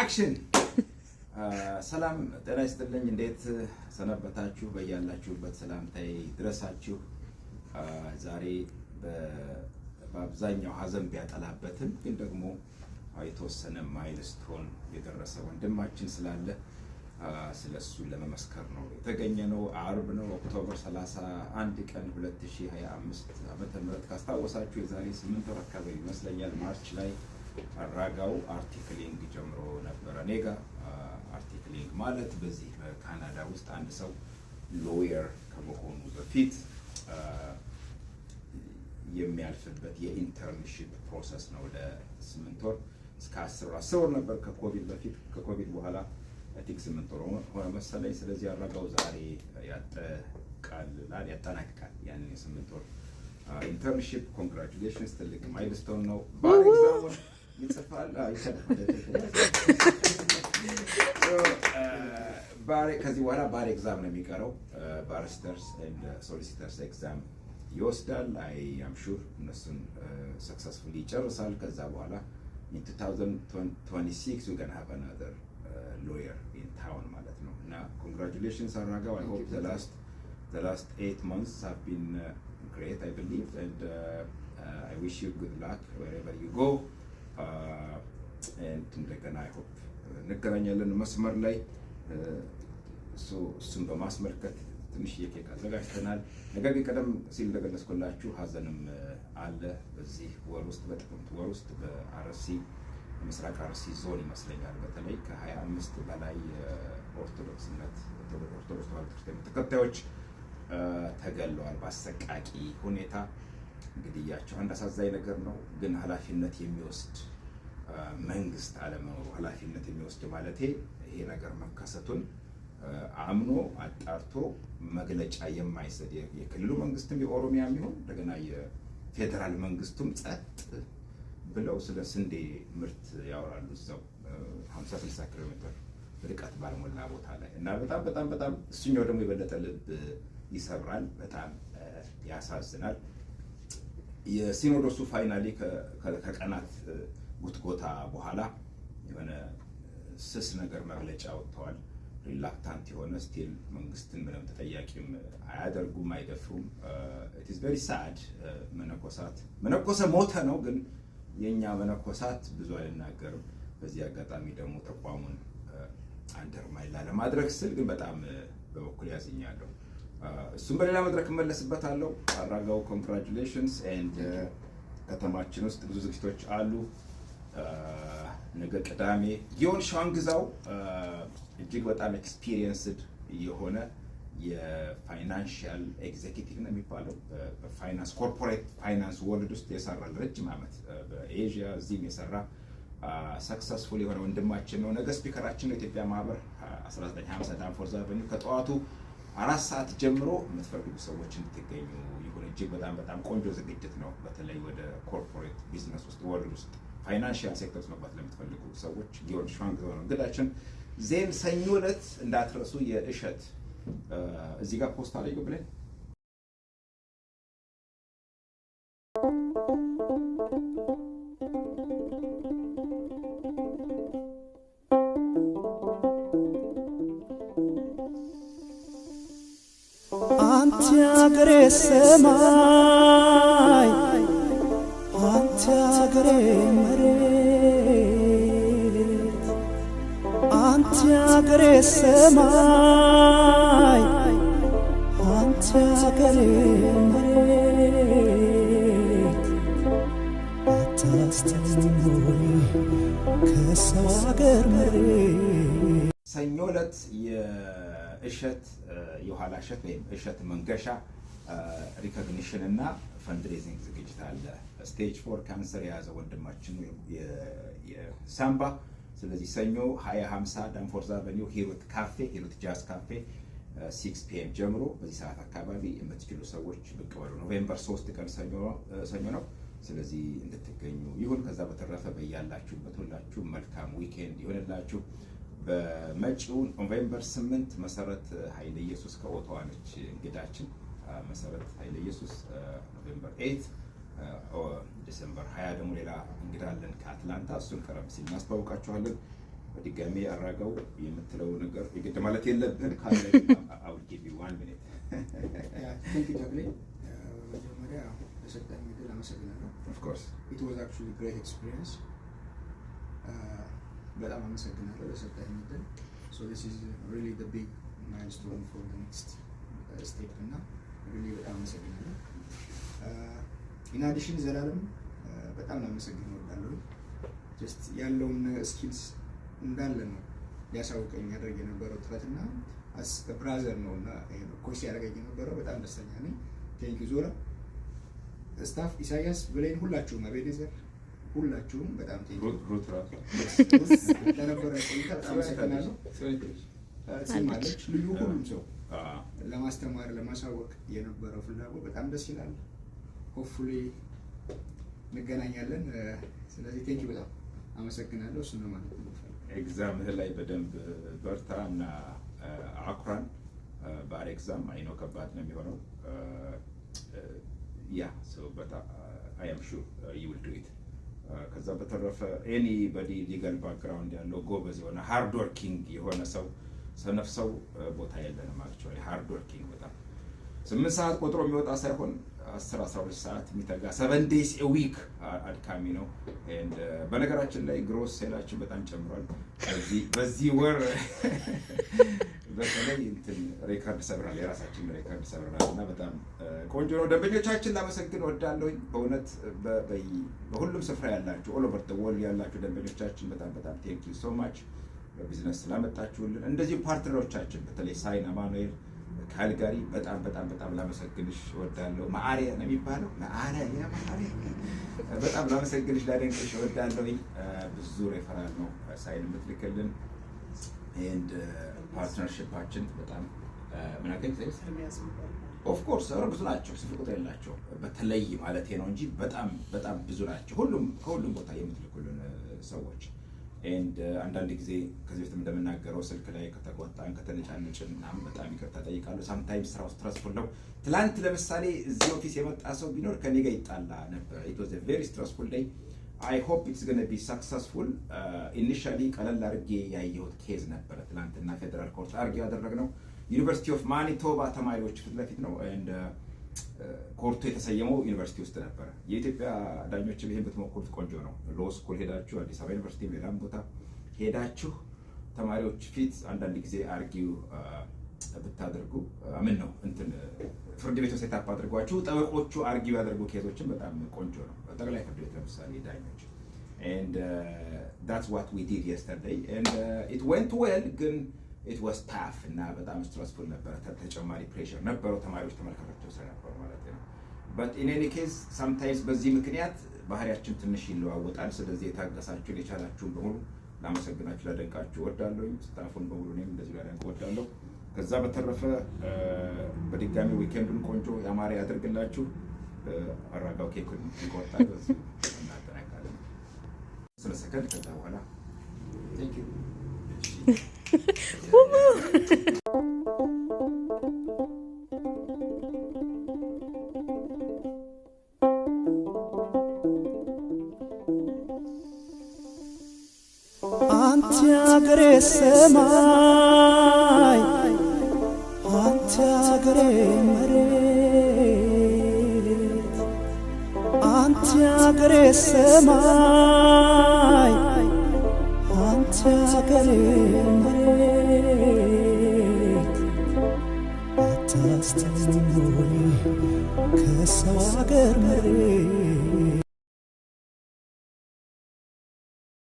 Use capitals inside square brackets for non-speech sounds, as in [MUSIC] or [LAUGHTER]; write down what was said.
አክሽን። [LAUGHS] ሰላም ጤና ይስጥልኝ። እንዴት ሰነበታችሁ? በያላችሁበት ሰላምታዬ ድረሳችሁ። ዛሬ በአብዛኛው ሀዘን ቢያጠላበትም ግን ደግሞ የተወሰነ ማይልስቶን የደረሰ ወንድማችን ስላለ ስለ እሱ ለመመስከር ነው የተገኘ ነው። አርብ ነው ኦክቶበር 31 ቀን 2025 ዓ.ም ካስታወሳችሁ የዛሬ 8 ወር አካባቢ ይመስለኛል ማርች ላይ አራጋው አርቲክሊንግ ጀምሮ ነበረ እኔ ጋ። አርቲክሊንግ ማለት በዚህ በካናዳ ውስጥ አንድ ሰው ሎየር ከመሆኑ በፊት የሚያልፍበት የኢንተርንሽፕ ፕሮሰስ ነው። ለስምንት ወር እስከ አስር አስር ወር ነበር ከኮቪድ በፊት ከኮቪድ በኋላ ቲክ ስምንት ወር ሆነ መሰለኝ። ስለዚህ አራጋው ዛሬ ያጠቃልላል ያጠናቅቃል ያንን የስምንት ወር ኢንተርንሽፕ። ኮንግራቹሌሽንስ ትልቅ ማይልስቶን ነው። ባር ኤግዛምፕል It's a [LAUGHS] [LAUGHS] uh, you bar ከዚህ በኋላ ባር ኤግዛም ነው የሚቀረው። ባሪስተርስ ኤንድ ሶሊሲተርስ ኤግዛም ይወስዳል። አይ አም ሹር እነሱን ሰክሰስፉሊ ይጨርሳል። ከዛ በኋላ in 2026 we have another uh, lawyer in town ማለት ነው እና congratulations አራጋው I hope the last eight months have been uh, great I believe and I wish you good luck wherever you go እንደገና ይሆን እንገናኛለን መስመር ላይ እሱን በማስመልከት ትንሽ የኬክ አዘጋጅተናል። ነገር ግን ቀደም ሲል እንደገለጽኩላችሁ ሀዘንም አለ። በዚህ ወር ውስጥ በጥቅምት ወር ውስጥ በአርሲ ምስራቅ አርሲ ዞን ይመስለኛል በተለይ ከ25 በላይ የኦርቶዶክስ እምነት ኦርቶዶክስ ተዋሕዶ ቤተክርስቲያን ተከታዮች ተገለዋል በአሰቃቂ ሁኔታ። ግድያቸው አንድ አሳዛኝ ነገር ነው፣ ግን ኃላፊነት የሚወስድ መንግስት አለመኖሩ ኃላፊነት የሚወስድ ማለቴ ይሄ ነገር መከሰቱን አምኖ አጣርቶ መግለጫ የማይሰጥ የክልሉ መንግስትም የኦሮሚያ የሚሆን እንደገና የፌዴራል መንግስቱም ጸጥ ብለው ስለ ስንዴ ምርት ያወራሉ እዛው 50 60 ኪሎ ሜትር ርቀት ባልሞላ ቦታ ላይ እና በጣም በጣም በጣም እሱኛው ደግሞ የበለጠ ልብ ይሰብራል፣ በጣም ያሳዝናል። የሲኖዶሱ ፋይናሊ ከቀናት ጉትጎታ በኋላ የሆነ ስስ ነገር መግለጫ ወጥተዋል። ሪላክታንት የሆነ ስቲል መንግስትን ምንም ተጠያቂም አያደርጉም፣ አይደፍሩም። ኢትስ ቬሪ ሳድ መነኮሳት መነኮሰ ሞተ ነው ግን የእኛ መነኮሳት ብዙ አልናገርም። በዚህ አጋጣሚ ደግሞ ተቋሙን አንደርማይላ ለማድረግ ስል ግን በጣም በበኩል ያዝኛለሁ። እሱም በሌላ መድረክ እመለስበታለሁ። አራጋው ኮንግራጁሌሽንስ ኤንድ uh, ከተማችን ውስጥ ብዙ ዝግጅቶች አሉ። uh, ነገ ቅዳሜ ጊዮን ሻንግዛው uh, እጅግ በጣም ኤክስፒሪየንስድ የሆነ የፋይናንሽል ኤግዜኪቲቭ ነው የሚባለው በፋይናንስ ኮርፖሬት ፋይናንስ ወርልድ ውስጥ የሰራ ረጅም ዓመት በኤዥያ እዚህም የሰራ ሰክሰስፉል የሆነ ወንድማችን ነው። ነገ ስፒከራችን ነው። ኢትዮጵያ ማህበር 1950 ዳንፎርዝ አቨኒው ከጠዋቱ አራት ሰዓት ጀምሮ የምትፈልጉ ሰዎች እንድትገኙ ይሁን። እጅግ በጣም በጣም ቆንጆ ዝግጅት ነው። በተለይ ወደ ኮርፖሬት ቢዝነስ ውስጥ ወርልድ ውስጥ ፋይናንሽል ሴክተር ውስጥ መግባት ለምትፈልጉ ሰዎች ጊዮርጅ ሸዋንግዛ ነው እንግዳችን። ዜን ሰኞ ዕለት እንዳትረሱ የእሸት እዚህ ጋር ፖስት አለ ብለን አንተ አገሬ ሰማይ አንተ አገሬ መሬት አንተ አገሬ ሰማይ አንተ አገሬ መሬት አታስተምሩኝ ከሰው አገር መሬት ሰኞ ዕለት እሸት የኋላ እሸት ወይም እሸት መንገሻ ሪኮግኒሽን እና ፈንድሬዚንግ ዝግጅት አለ። ስቴጅ ፎር ካንሰር የያዘ ወንድማችን የሳምባ ስለዚህ ሰኞ 2050 ዳንፎርዝ አቨኒው ሂሩት ካፌ ሂሩት ጃዝ ካፌ 6 ፒኤም ጀምሮ በዚህ ሰዓት አካባቢ የምትችሉ ሰዎች ብቅ በሉ። ኖቬምበር 3 ቀን ሰኞ ነው። ስለዚህ እንድትገኙ ይሁን። ከዛ በተረፈ በያላችሁበት ሁላችሁ መልካም ዊኬንድ ይሆንላችሁ። በመጪው ኖቬምበር ስምንት መሰረት ኃይለ ኢየሱስ ከኦቶዋ ነች እንግዳችን። መሰረት ኃይለ ኢየሱስ ኖቬምበር ኤት ዲሰምበር ሀያ ደግሞ ሌላ እንግዳ አለን ከአትላንታ እሱን ቀረብ ሲል እናስተዋውቃችኋለን። በድጋሚ አራጋው የምትለው ነገር የግድ ማለት የለብን ካለ አውጊቢ ዋን ሚኒት መጀመሪያ ለሰጠኝ እድል አመሰግናለሁ። ኦፍኮርስ ኢት ዋዝ አክቹዋሊ ግሬት ኤክስፒሪየንስ በጣም አመሰግናለሁ ለሰጣኝ ምድል። ሶ ዚስ ኢዝ ሪሊ ዘ ቢግ ማይልስቶን ፎር ዘ ኔክስት ስቴፕ እና ሪሊ በጣም አመሰግናለሁ። ኢን uh, አዲሽን ዘላለም uh, በጣም ላመሰግን እወዳለሁ። ጀስት ያለውን ስኪልስ uh, እንዳለ ነው ሊያሳውቀኝ ያደርግ የነበረው ጥረት እና ብራዘር ነው እና ኮስ ያደረገኝ የነበረው በጣም ደስተኛ ነኝ። ቴንኪ ዞላ፣ ስታፍ፣ ኢሳያስ ብሌን ሁላችሁም አቤኔዘር ሁላችሁም በጣም ለነበረ ቆይታ በጣም አመሰግናለሁ። ሲማለች ልዩ ሁሉም ሰው ለማስተማር ለማሳወቅ የነበረው ፍላጎት በጣም ደስ ይላል። ሆፕፉሊ እንገናኛለን። ስለዚህ ቴንኪ በጣም አመሰግናለሁ። እሱ ነው ማለት ነው። ኤግዛምህ ላይ በደንብ በርታ እና አኩራን። ባር ኤግዛም አይኖ ከባድ ነው የሚሆነው ያ ሰው በጣም አይ አም ሹር ዩ ዊል ዱ ኢት ከዛ በተረፈ ኤኒ በዲ ሊጋል ባክግራውንድ ያለው ጎበዝ የሆነ ሃርድ ወርኪንግ የሆነ ሰው ሰነፍ ሰው ቦታ የለንም። አክቹዋሊ ሃርድ ወርኪንግ በጣም ስምንት ሰዓት ቆጥሮ የሚወጣ ሳይሆን አስር አስራ ሁለት ሰዓት የሚተጋ ሰቨን ዴይስ ዊክ አድካሚ ነው። በነገራችን ላይ ግሮስ ሴላችን በጣም ጨምሯል በዚህ ወር [LAUGHS] በተለይ እንትን ሬከርድ ሰብረናል፣ የራሳችን ሬከርድ ሰብረናል እና በጣም ቆንጆ ነው። ደንበኞቻችን ላመሰግን ወዳለሁኝ በእውነት በሁሉም ስፍራ ያላችሁ ኦል ኦቨር ወርልድ ያላችሁ ደንበኞቻችን በጣም በጣም ቴንክ ዩ ሶ ማች በቢዝነስ ስላመጣችሁልን። እንደዚሁ ፓርትነሮቻችን በተለይ ሳይን አማኑኤል ካልጋሪ በጣም በጣም በጣም ላመሰግንሽ እወዳለሁ። ማሪያ ነው የሚባለው ማሪያ በጣም ላመሰግንሽ ላደንቅሽ እወዳለሁ። ብዙ ሬፈራል ነው ሳይን የምትልክልን ኤንድ ፓርትነርሽፓችን በጣም ምናገኝ ኦፍኮርስ ብዙ ናቸው፣ ስፍር ቁጥር የላቸው በተለይ ማለት ነው እንጂ በጣም በጣም ብዙ ናቸው። ሁሉም ከሁሉም ቦታ የምትልኩልን ሰዎች ኤንድ አንዳንድ ጊዜ ከዚህ በፊት እንደምናገረው ስልክ ላይ ከተቆጣን ከተነጫነጭን ምናምን በጣም ይቅርታ ጠይቃለሁ። ሳምታይምስ ስራው ስትረስፉል ነው። ትላንት ለምሳሌ እዚህ ኦፊስ የመጣ ሰው ቢኖር ከኔ ጋር ይጣላ ነበር። ኢት ዋዝ ቬሪ ስትረስፉል ላይ አይ ሆፕ ኢትስ ገነ ቢ ሰክሰስፉል። ኢኒሻሊ ቀለል አድርጌ ያየሁት ኬዝ ነበረ። ትናንትና ፌዴራል ኮርት አድርጌ ያደረግነው ዩኒቨርሲቲ ኦፍ ማኒቶባ ተማሪዎች ፊት ለፊት ነው። እንደ ኮርቱ uh, የተሰየመው ዩኒቨርሲቲ ውስጥ ነበረ። የኢትዮጵያ ዳኞች ይህን ብትሞክሩት ቆንጆ ነው። ሎ ስኩል ሄዳችሁ አዲስ አበባ ዩኒቨርሲቲ፣ ሌላም ቦታ ሄዳችሁ ተማሪዎች ፊት አንዳንድ ጊዜ አርጊው uh, ብታደርጉ ምን ነው እንትን ፍርድ ቤቱ ሴታፕ አድርጓችሁ ጠበቆቹ አርጊ ያደርጉ ኬዞችን በጣም ቆንጆ ነው። ጠቅላይ ፍርድ ቤት ለምሳሌ ዳኞች and ዋት uh, that's what we did yesterday and uh, ግን it was ታፍ እና በጣም ስትረስፉል ነበረ። ተጨማሪ ፕሬሽር ነበረው። ተማሪዎች ተመልካቾች ስለነበሩ ማለት ነው በት in any case sometimes በዚህ ምክንያት ባህሪያችን ትንሽ ይለዋወጣል። ስለዚህ የታገሳችሁን የቻላችሁን በሙሉ ላመሰግናችሁ፣ ላደንቃችሁ እወዳለሁ። ስታፉን በሙሉ እኔም እንደዚህ ላደንቅ እወዳለሁ። ከዛ በተረፈ በድጋሚ ዊኬንዱን ቆንጆ ያማረ ያደርግላችሁ። አራጋው ኬክ ቆጣ [LAUGHS] እናጠናቃለን። ስለሰከንድ ከዛ በኋላ አንቺ ሀገሬ ሰማይ አገሬ መሬት አንተ አገሬ ሰማይ አንተ አገሬ መሬት አታስተኝ ከሰው አገር መሬት